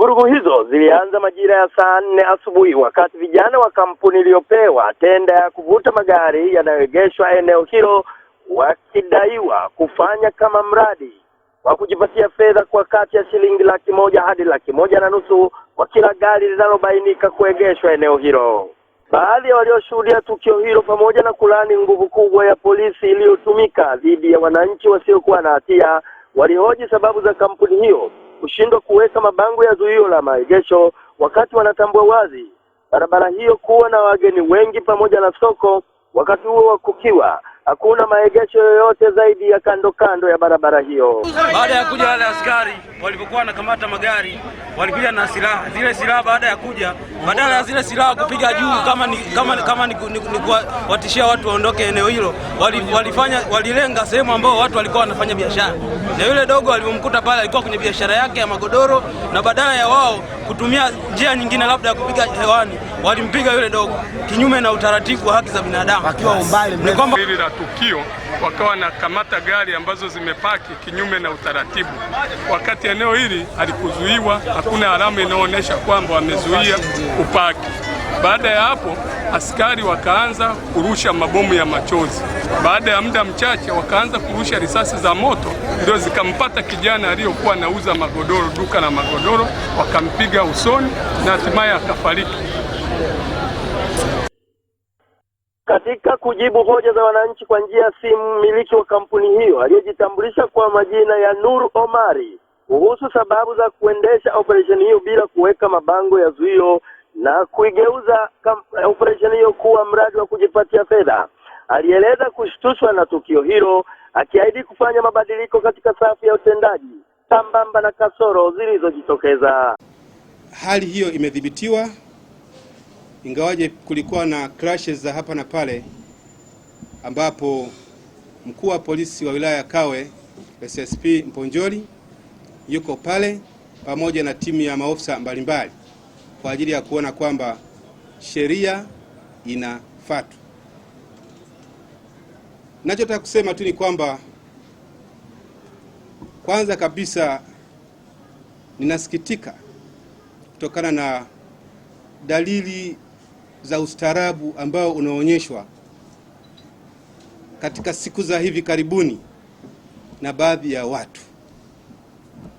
Vurugu hizo zilianza majira ya saa nne asubuhi wakati vijana wa kampuni iliyopewa tenda ya kuvuta magari yanayoegeshwa eneo hilo wakidaiwa kufanya kama mradi wa kujipatia fedha kwa kati ya shilingi laki moja hadi laki moja na nusu kwa kila gari linalobainika kuegeshwa eneo hilo. Baadhi ya walioshuhudia tukio hilo pamoja na kulani nguvu kubwa ya polisi iliyotumika dhidi ya wananchi wasiokuwa na hatia walihoji sababu za kampuni hiyo kushindwa kuweka mabango ya zuio la maegesho wakati wanatambua wazi barabara hiyo kuwa na wageni wengi pamoja na soko, wakati huo kukiwa hakuna maegesho yoyote zaidi ya kando kando ya barabara hiyo. Baada ya kuja wale askari walipokuwa wanakamata magari, walikuja na silaha, zile silaha baada ya kuja, badala ya zile silaha kupiga juu kama ni, kama, kama ni, ni, ni kuwatishia watu waondoke eneo hilo, walifanya walilenga sehemu ambao watu walikuwa wanafanya biashara, na yule dogo alimkuta pale alikuwa kwenye biashara yake ya magodoro, na badala ya wao kutumia njia nyingine labda ya kupiga hewani walimpiga yule dogo kinyume na utaratibu wa haki za binadamu, akiwa umbali ni kwamba hili la tukio wakawa kamata gari ambazo zimepaki kinyume na utaratibu, wakati eneo hili halikuzuiwa, hakuna alama inayoonyesha kwamba wamezuia upaki Baada ya hapo askari wakaanza kurusha mabomu ya machozi. Baada ya muda mchache, wakaanza kurusha risasi za moto, ndio zikampata kijana aliyokuwa anauza magodoro, duka la magodoro, wakampiga usoni na hatimaye akafariki. Katika kujibu hoja za wananchi kwa njia ya simu, mmiliki wa kampuni hiyo aliyejitambulisha kwa majina ya nur Omari kuhusu sababu za kuendesha operesheni hiyo bila kuweka mabango ya zuio na kuigeuza operesheni hiyo kuwa mradi wa kujipatia fedha, alieleza kushtushwa na tukio hilo, akiahidi kufanya mabadiliko katika safu ya utendaji sambamba na kasoro zilizojitokeza. Hali hiyo imedhibitiwa ingawaje kulikuwa na crashes za hapa na pale, ambapo mkuu wa polisi wa wilaya ya Kawe SSP Mponjoli yuko pale pamoja na timu ya maofisa mbalimbali kwa ajili ya kuona kwamba sheria inafuatwa. Nachotaka kusema tu ni kwamba kwanza kabisa ninasikitika kutokana na dalili za ustaarabu ambao unaonyeshwa katika siku za hivi karibuni na baadhi ya watu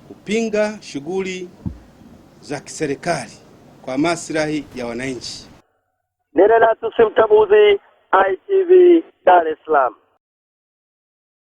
kupinga shughuli za kiserikali kwa maslahi ya wananchi. Nene Nasus Mtabuzi, ITV, Dar es Salaam.